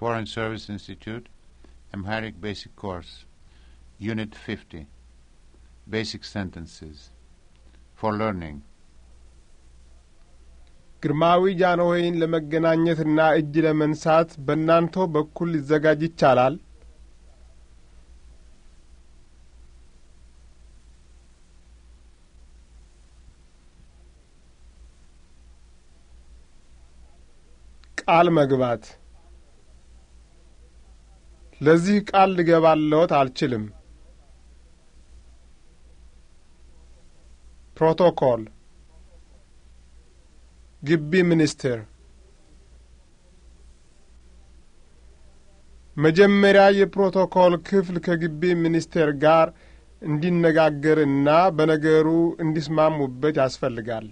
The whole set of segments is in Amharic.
Foreign Service Institute, Amharic Basic Course, Unit 50, Basic Sentences, for Learning. ግርማዊ ጃንሆይን ለመገናኘትና እጅ ለመንሳት በእናንተው በኩል ሊዘጋጅ ይቻላል? ቃል መግባት ለዚህ ቃል ልገባለዎት አልችልም። ፕሮቶኮል ግቢ ሚኒስቴር መጀመሪያ የፕሮቶኮል ክፍል ከግቢ ሚኒስቴር ጋር እንዲነጋገርና በነገሩ እንዲስማሙበት ያስፈልጋል።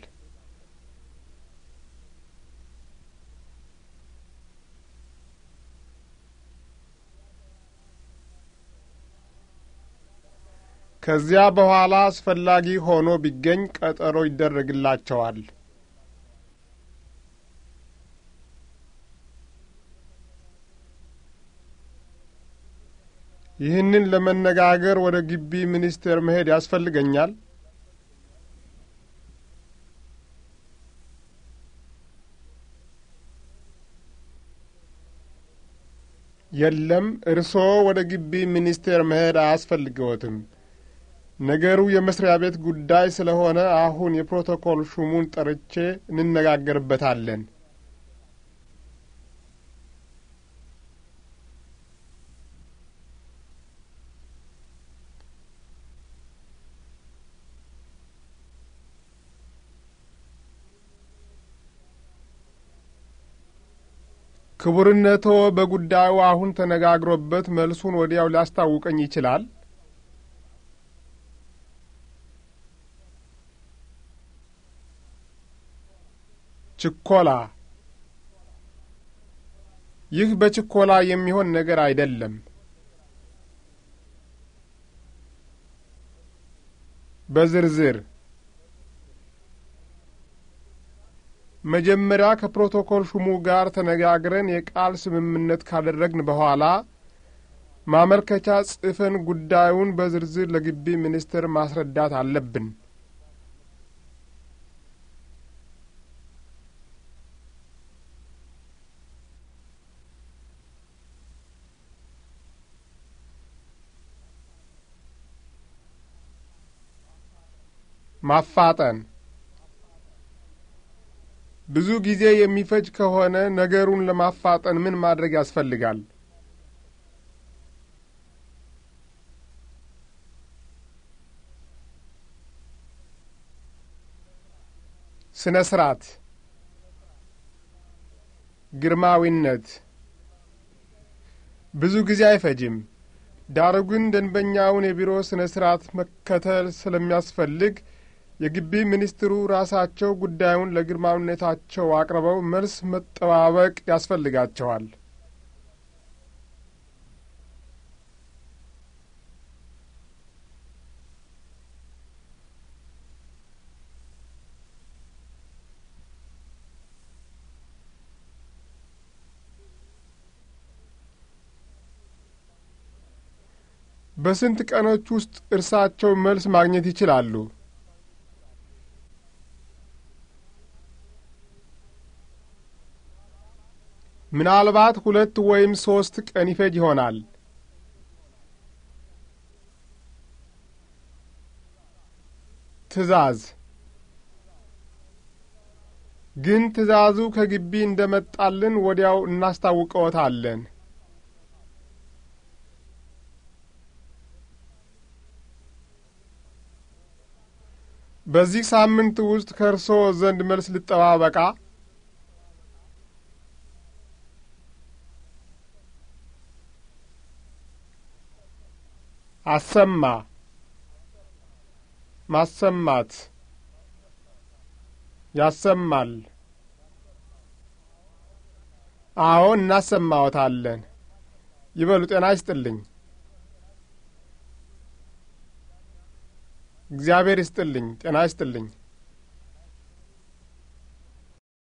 ከዚያ በኋላ አስፈላጊ ሆኖ ቢገኝ ቀጠሮ ይደረግላቸዋል። ይህንን ለመነጋገር ወደ ግቢ ሚኒስቴር መሄድ ያስፈልገኛል? የለም፣ እርስዎ ወደ ግቢ ሚኒስቴር መሄድ አያስፈልገወትም። ነገሩ የመስሪያ ቤት ጉዳይ ስለሆነ አሁን የፕሮቶኮል ሹሙን ጠርቼ እንነጋገርበታለን። ክቡርነቶ በጉዳዩ አሁን ተነጋግሮበት መልሱን ወዲያው ሊያስታውቀኝ ይችላል? ችኮላ ይህ በችኮላ የሚሆን ነገር አይደለም። በዝርዝር መጀመሪያ ከፕሮቶኮል ሹሙ ጋር ተነጋግረን የቃል ስምምነት ካደረግን በኋላ ማመልከቻ ጽፈን ጉዳዩን በዝርዝር ለግቢ ሚኒስትር ማስረዳት አለብን። ማፋጠን ብዙ ጊዜ የሚፈጅ ከሆነ ነገሩን ለማፋጠን ምን ማድረግ ያስፈልጋል? ስነ ስርዓት፣ ግርማዊነት ብዙ ጊዜ አይፈጅም። ዳሩ ግን ደንበኛውን የቢሮ ስነ ስርዓት መከተል ስለሚያስፈልግ የግቢ ሚኒስትሩ ራሳቸው ጉዳዩን ለግርማዊነታቸው አቅርበው መልስ መጠባበቅ ያስፈልጋቸዋል። በስንት ቀኖች ውስጥ እርሳቸው መልስ ማግኘት ይችላሉ? ምናልባት ሁለት ወይም ሶስት ቀን ይፈጅ ይሆናል። ትዕዛዝ ግን ትዕዛዙ ከግቢ እንደመጣልን ወዲያው እናስታውቀዎታለን። በዚህ ሳምንት ውስጥ ከእርስዎ ዘንድ መልስ ልጠባበቃ? አሰማ ማሰማት ያሰማል። አዎ እናሰማዎታለን። ይበሉ ጤና ይስጥልኝ። እግዚአብሔር ይስጥልኝ። ጤና ይስጥልኝ።